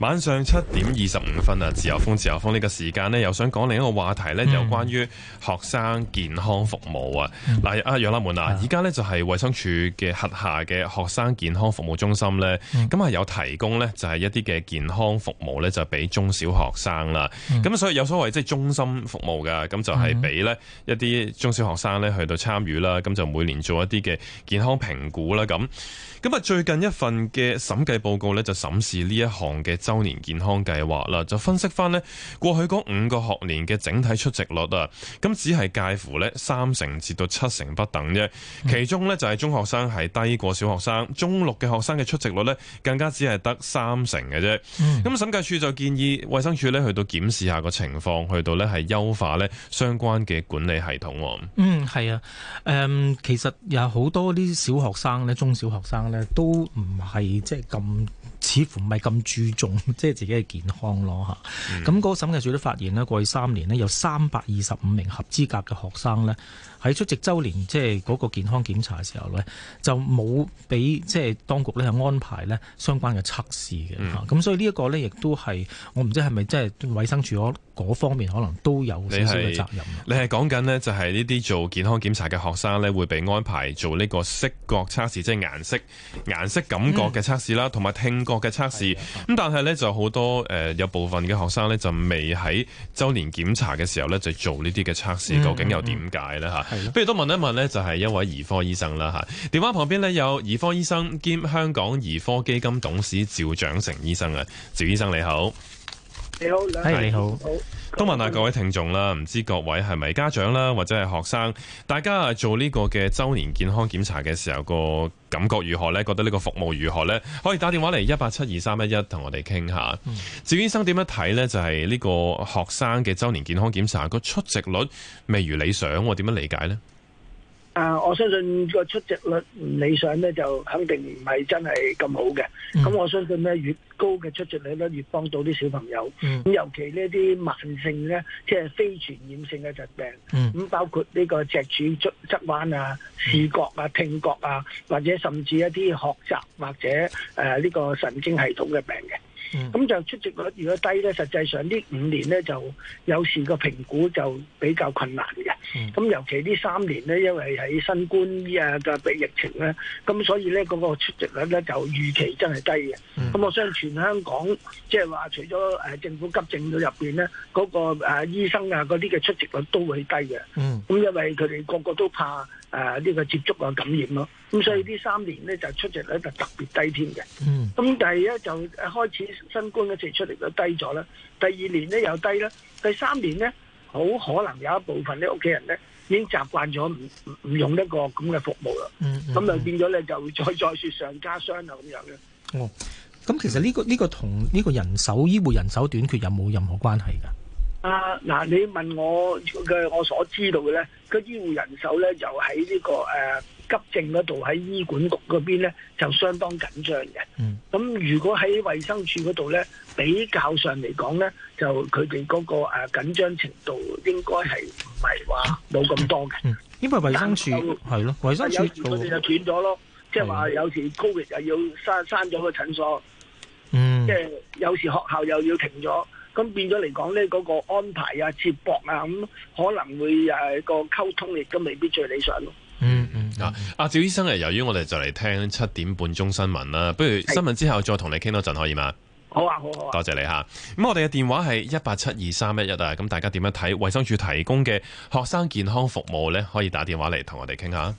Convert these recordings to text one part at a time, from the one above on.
晚上七點二十五分啊！自由風，自由風呢個時間咧，又想講另一個話題咧，就有關於學生健康服務、嗯、啊！嗱，阿楊啦們啊，而家咧就係衛生署嘅轄下嘅學生健康服務中心咧，咁、嗯、啊有提供咧，就係一啲嘅健康服務咧，就俾中小學生啦。咁、嗯、所以有所謂即係中心服務噶，咁就係俾咧一啲中小學生咧去到參與啦。咁、嗯、就每年做一啲嘅健康評估啦。咁咁啊，最近一份嘅審計報告咧，就審視呢一項嘅。周年健康計劃啦，就分析翻咧過去嗰五個學年嘅整體出席率啊，咁只係介乎咧三成至到七成不等啫。其中呢，就係中學生係低過小學生，中六嘅學生嘅出席率呢，更加只係得三成嘅啫。咁審計署就建議衛生署呢，去到檢視下個情況，去到呢係優化呢相關嘅管理系統。嗯，係啊，誒、嗯，其實有好多啲小學生呢，中小學生呢，都唔係即係咁。似乎唔係咁注重，即係自己嘅健康咯。吓，咁嗰個審計署都發現呢，過去三年呢，有三百二十五名合資格嘅學生呢，喺出席周年即係嗰個健康檢查嘅時候呢，就冇俾即係當局呢有安排呢相關嘅測試嘅。吓咁、嗯、所以呢一個呢，亦都係我唔知係咪即係衛生署嗰方面可能都有少少嘅責任。你係講緊呢，就係呢啲做健康檢查嘅學生呢，會被安排做呢個色覺測試，即係顏色、顏色感覺嘅測試啦，同埋聽覺嘅測試。咁但係呢，就好多誒有部分嘅學生呢，就未喺周年檢查嘅時候呢，就做呢啲嘅測試，究竟又點解呢？吓，不如都問一問呢，就係一位兒科醫生啦。吓，電話旁邊呢，有兒科醫生兼香港兒科基金董事趙長成醫生啊。趙醫生你好。你好，Hi, 你好，都問下各位聽眾啦，唔知各位係咪家長啦，或者係學生，大家啊做呢個嘅周年健康檢查嘅時候，個感覺如何呢？覺得呢個服務如何呢？可以打電話嚟，一八七二三一一，同我哋傾下。趙、嗯、醫生點樣睇呢？就係、是、呢個學生嘅周年健康檢查個出席率未如理想，我點樣理解呢？啊、uh，我相信個出席率唔理想咧，就肯定唔係真係咁好嘅。咁、mm. 我相信咧，越高嘅出席率咧，越幫到啲小朋友。咁、mm. 尤其呢啲慢性咧，即係非傳染性嘅疾病。咁、mm. 包括呢個脊柱側側彎啊、視覺啊、mm. 聽覺啊，或者甚至一啲學習或者誒呢個神經系統嘅病嘅。咁、嗯、就出席率如果低咧，實際上呢五年咧就有時個評估就比較困難嘅。咁、嗯、尤其呢三年咧，因為喺新冠啊嘅疫疫情咧，咁所以咧嗰個出席率咧就預期真係低嘅。咁、嗯、我相信全香港即係話除咗誒政府急症嘅入邊咧，嗰、那個誒醫生啊嗰啲嘅出席率都會低嘅。咁、嗯、因為佢哋個個都怕。誒、啊，呢、呢個接觸啊感染咯，咁所以呢三年咧就出席率就特別低添嘅。嗯，咁第二咧就開始新冠嗰次出嚟都低咗啦。第二年咧又低啦，第三年咧好可能有一部分啲屋企人咧已經習慣咗唔唔用呢個咁嘅服務啦。咁、嗯嗯、就變咗咧就會再再雪上加霜啊咁樣嘅。哦，咁其實呢、呢個呢、呢個同呢個人手醫護人手短缺有冇任何關係㗎？啊！嗱，你問我嘅我所知道嘅咧，個醫護人手咧就喺呢個誒急症嗰度，喺醫管局嗰邊咧就相當緊張嘅。嗯，咁如果喺衞生署嗰度咧，比較上嚟講咧，就佢哋嗰個誒緊張程度應該係唔係話冇咁多嘅。因為衞生署係咯，衞生署佢哋就斷咗咯，即係話有時 Covid 亦又要閂閂咗個診所。嗯，即係有時學校又要停咗。咁變咗嚟講呢，嗰、嗰個安排啊、接駁啊，咁可能會誒、個溝通亦都未必最理想咯。嗯嗯，嗯，嗯，啊阿趙醫生係由於我哋就嚟聽七點半鐘新聞啦，不如新聞之後再同你傾多陣可以嗎？好啊，好，好啊，多謝你吓。咁我哋嘅電話係一八七二三一一啊，咁大家點樣睇衛生署提供嘅學生健康服務呢，可以打電話嚟同我哋傾下。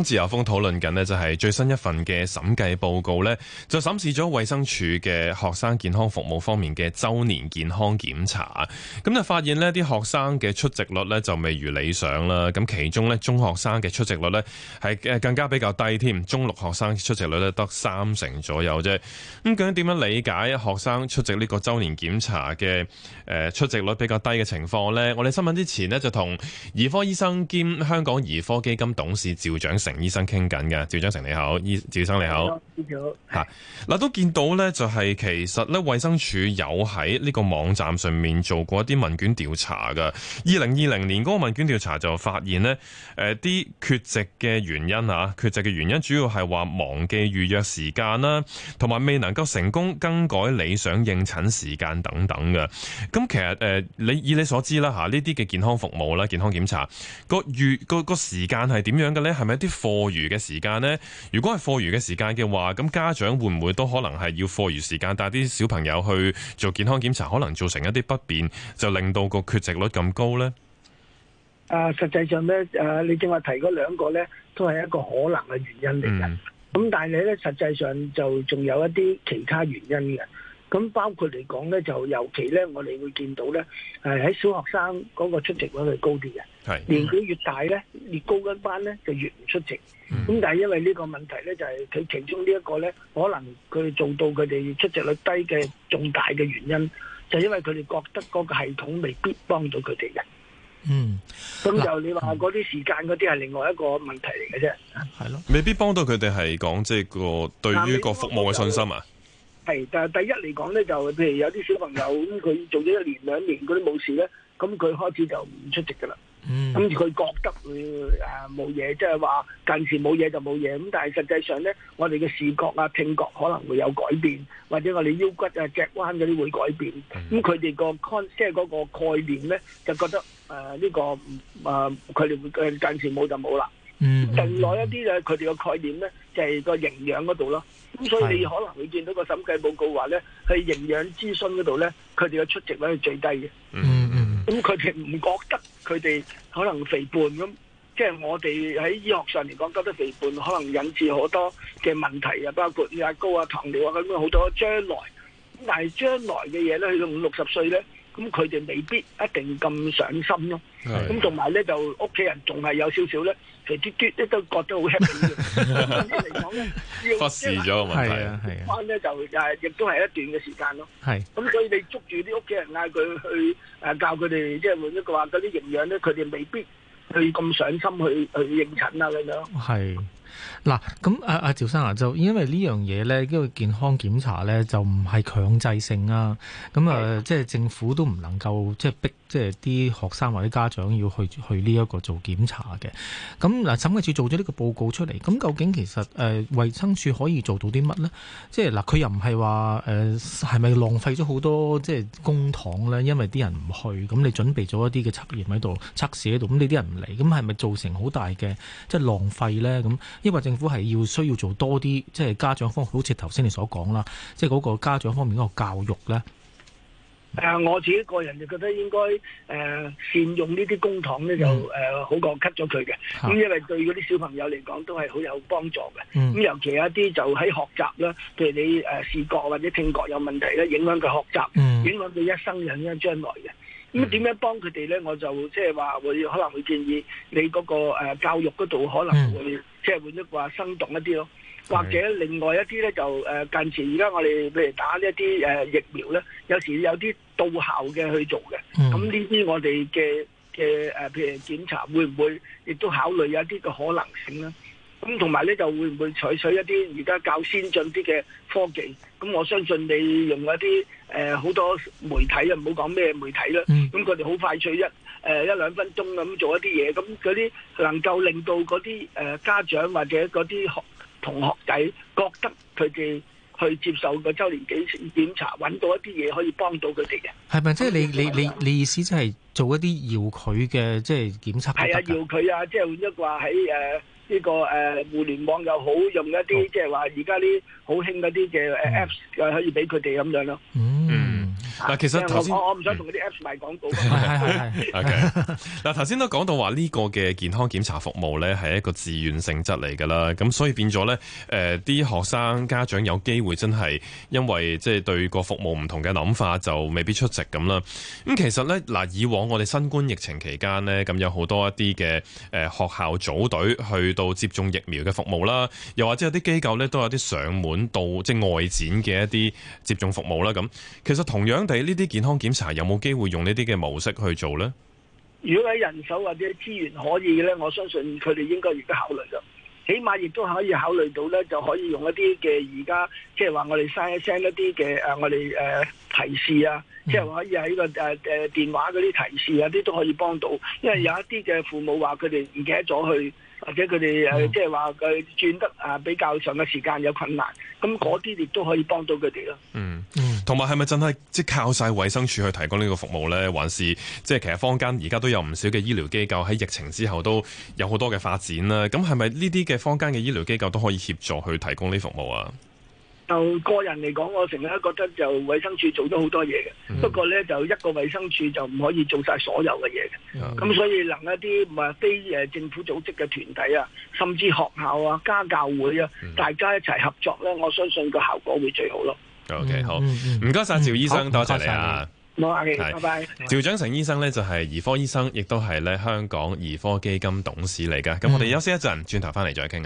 《自由風》討論緊就係最新一份嘅審計報告，就審視咗衛生署嘅學生健康服務方面嘅周年健康檢查。咁就發現呢啲學生嘅出席率就未如理想啦。咁其中呢，中學生嘅出席率咧係誒更加比較低添。中六學生嘅出席率咧得三成左右啫。咁究竟點樣理解學生出席呢個周年檢查嘅誒出席率比較低嘅情況呢？我哋新聞之前呢，就同兒科醫生兼香港兒科基金董事趙長。成醫生傾緊嘅，趙長成你好，醫趙醫生你好。你嗱、啊、都見到呢，就係、是、其實呢，衛生署有喺呢個網站上面做過一啲問卷調查嘅。二零二零年嗰個問卷調查就發現呢誒啲、呃、缺席嘅原因嚇、啊，缺席嘅原因主要係話忘記預約時間啦，同、啊、埋未能夠成功更改理想應診時間等等嘅。咁、啊、其實誒、呃，你以你所知啦嚇，呢啲嘅健康服務啦，健康檢查個預個、嗰個時間係點樣嘅呢？係咪？啲課餘嘅時間呢？如果係課餘嘅時間嘅話，咁家長會唔會都可能係要課餘時間帶啲小朋友去做健康檢查，可能造成一啲不便，就令到個缺席率咁高呢？誒、啊，實際上咧，誒，你正話提嗰兩個咧，都係一個可能嘅原因嚟嘅。咁、嗯、但係你咧，實際上就仲有一啲其他原因嘅。咁包括嚟講咧，就尤其咧，我哋會見到咧，係喺小學生嗰個出席率係高啲嘅。係年紀越大咧，越高一班咧，就越唔出席。咁但係因為呢個問題咧，就係佢其中呢一個咧，可能佢哋做到佢哋出席率低嘅重大嘅原因，就因為佢哋覺得嗰個系統未必幫到佢哋嘅。嗯，咁就你話嗰啲時間嗰啲係另外一個問題嚟嘅啫。係咯，未必幫到佢哋係講即係個對於個服務嘅信心啊。係，但係第一嚟講咧，就譬如有啲小朋友咁，佢做咗一年兩年嗰啲冇事咧，咁佢開始就唔出席㗎啦。嗯，咁佢覺得會誒冇嘢，即係話近時冇嘢就冇嘢。咁但係實際上咧，我哋嘅視覺啊、聽覺可能會有改變，或者我哋腰骨啊、脊彎嗰啲會改變。咁佢哋個 con，即係嗰個概念咧，就覺得誒呢個誒佢哋會近時冇就冇啦。近、嗯、耐、嗯嗯、一啲咧，佢哋個概念咧就係、是、個營養嗰度咯。咁所以你可能會見到個審計報告話咧，喺營養諮詢嗰度咧，佢哋嘅出席率係最低嘅。嗯嗯。咁佢哋唔覺得佢哋可能肥胖咁，即係我哋喺醫學上嚟講，覺得肥胖可能引致好多嘅問題啊，包括血壓高啊、糖尿啊咁樣好多的。將來咁但係將來嘅嘢咧，去到五六十歲咧，咁佢哋未必一定咁上心咯。咁同埋咧，就屋企人仲係有少少咧。其啲啲都覺得好輕嘅，總之嚟講咧，忽視咗個問題，關咧就誒，亦都係一段嘅時間咯。係，咁所以你捉住啲屋企人嗌佢去誒教佢哋，即係換一個話，嗰啲營養咧，佢哋未必去咁上心去去應診啊咁樣。係，嗱，咁阿阿趙生啊，就因為呢樣嘢咧，因為健康檢查咧就唔係強制性啊，咁啊，即係政府都唔能夠即係逼。即係啲學生或者家長要去去呢一個做檢查嘅，咁嗱，審計處做咗呢個報告出嚟，咁究竟其實誒衞生署可以做到啲乜呢？即係嗱，佢又唔係話誒係咪浪費咗好多即係公帑咧？因為啲人唔去，咁你準備咗一啲嘅測驗喺度測試喺度，咁你啲人唔嚟，咁係咪造成好大嘅即係浪費咧？咁因為政府係要需要做多啲，即係家長方，好似頭先你所講啦，即係嗰個家長方面嗰個教育咧。誒我自己個人就覺得應該誒、呃、善用呢啲公帑咧，就、嗯、誒、呃、好過 cut 咗佢嘅。咁因為對嗰啲小朋友嚟講，都係好有幫助嘅。咁、嗯、尤其有一啲就喺學習啦，譬如你誒、呃、視覺或者聽覺有問題咧，影響佢學習，嗯、影響佢一生人嘅將來嘅。咁、嗯、點樣幫佢哋咧？我就即係話我可能會建議你嗰、那個、呃、教育嗰度可能會即係換一個話生動一啲咯。或者另外一啲咧就誒近期而家我哋譬如打一啲誒疫苗咧，有時有啲到校嘅去做嘅。咁呢啲我哋嘅嘅誒譬如檢查會唔會亦都考慮一啲嘅可能性咧？咁同埋咧就會唔會採取，取一啲而家較先進啲嘅科技？咁我相信你用一啲誒好多媒體啊，唔好講咩媒體啦。咁佢哋好快脆一誒、呃、一兩分鐘咁做一啲嘢，咁嗰啲能夠令到嗰啲誒家長或者嗰啲學。同學仔覺得佢哋去接受個周年檢檢查，揾到一啲嘢可以幫到佢哋嘅，係咪？即係你你你你意思即係做一啲遙距嘅即係檢測係啊，遙距啊！即係換一句話喺誒呢個誒、呃、互聯網又好，用一啲即係話而家啲好興嗰啲嘅 apps 可以俾佢哋咁樣咯。嗯。嗯。嗱、啊，其實頭先我唔想同嗰啲 apps 買廣告。係係係。嗱、 okay. 啊，頭先都講到話呢個嘅健康檢查服務咧，係一個自願性質嚟噶啦。咁所以變咗咧，誒、呃，啲學生家長有機會真係因為即係、就是、對個服務唔同嘅諗法，就未必出席咁啦。咁、嗯、其實咧，嗱、啊，以往我哋新冠疫情期間咧，咁、嗯、有好多一啲嘅誒學校組隊去到接種疫苗嘅服務啦，又或者有啲機構咧都有啲上門到即係外展嘅一啲接種服務啦。咁、嗯、其實同樣。睇呢啲健康檢查有冇機會用呢啲嘅模式去做咧？如果喺人手或者資源可以咧，我相信佢哋應該亦都考慮咗，起碼亦都可以考慮到咧，就可以用一啲嘅而家即係話我哋 send 一 send 一啲嘅誒，我哋誒提示、就是這個，啊，即係可以喺個誒誒電話嗰啲提示啊，啲都可以幫到，因為有一啲嘅父母話佢哋唔記得咗去。或者佢哋誒即係話佢轉得啊比較長嘅時間有困難，咁嗰啲亦都可以幫到佢哋咯。嗯嗯，同埋係咪真係即靠晒衞生署去提供呢個服務咧？還是即係其實坊間而家都有唔少嘅醫療機構喺疫情之後都有好多嘅發展啦。咁係咪呢啲嘅坊間嘅醫療機構都可以協助去提供呢服務啊？就個人嚟講，我成日覺得就衛生署做咗好多嘢嘅、嗯，不過咧就一個衛生署就唔可以做晒所有嘅嘢嘅，咁、嗯、所以能一啲唔係非誒政府組織嘅團體啊，甚至學校啊、家教會啊、嗯，大家一齊合作咧，我相信個效果會最好咯。OK，、嗯、好，唔該晒趙醫生，多、嗯、謝，謝你啊，好，客氣，拜拜。趙長成醫生咧就係兒科醫生，亦都係咧香港兒科基金董事嚟噶，咁我哋休息一陣，轉頭翻嚟再傾啊。